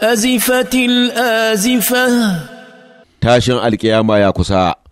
أزفت الآزفة تاشن القيامة يا كساء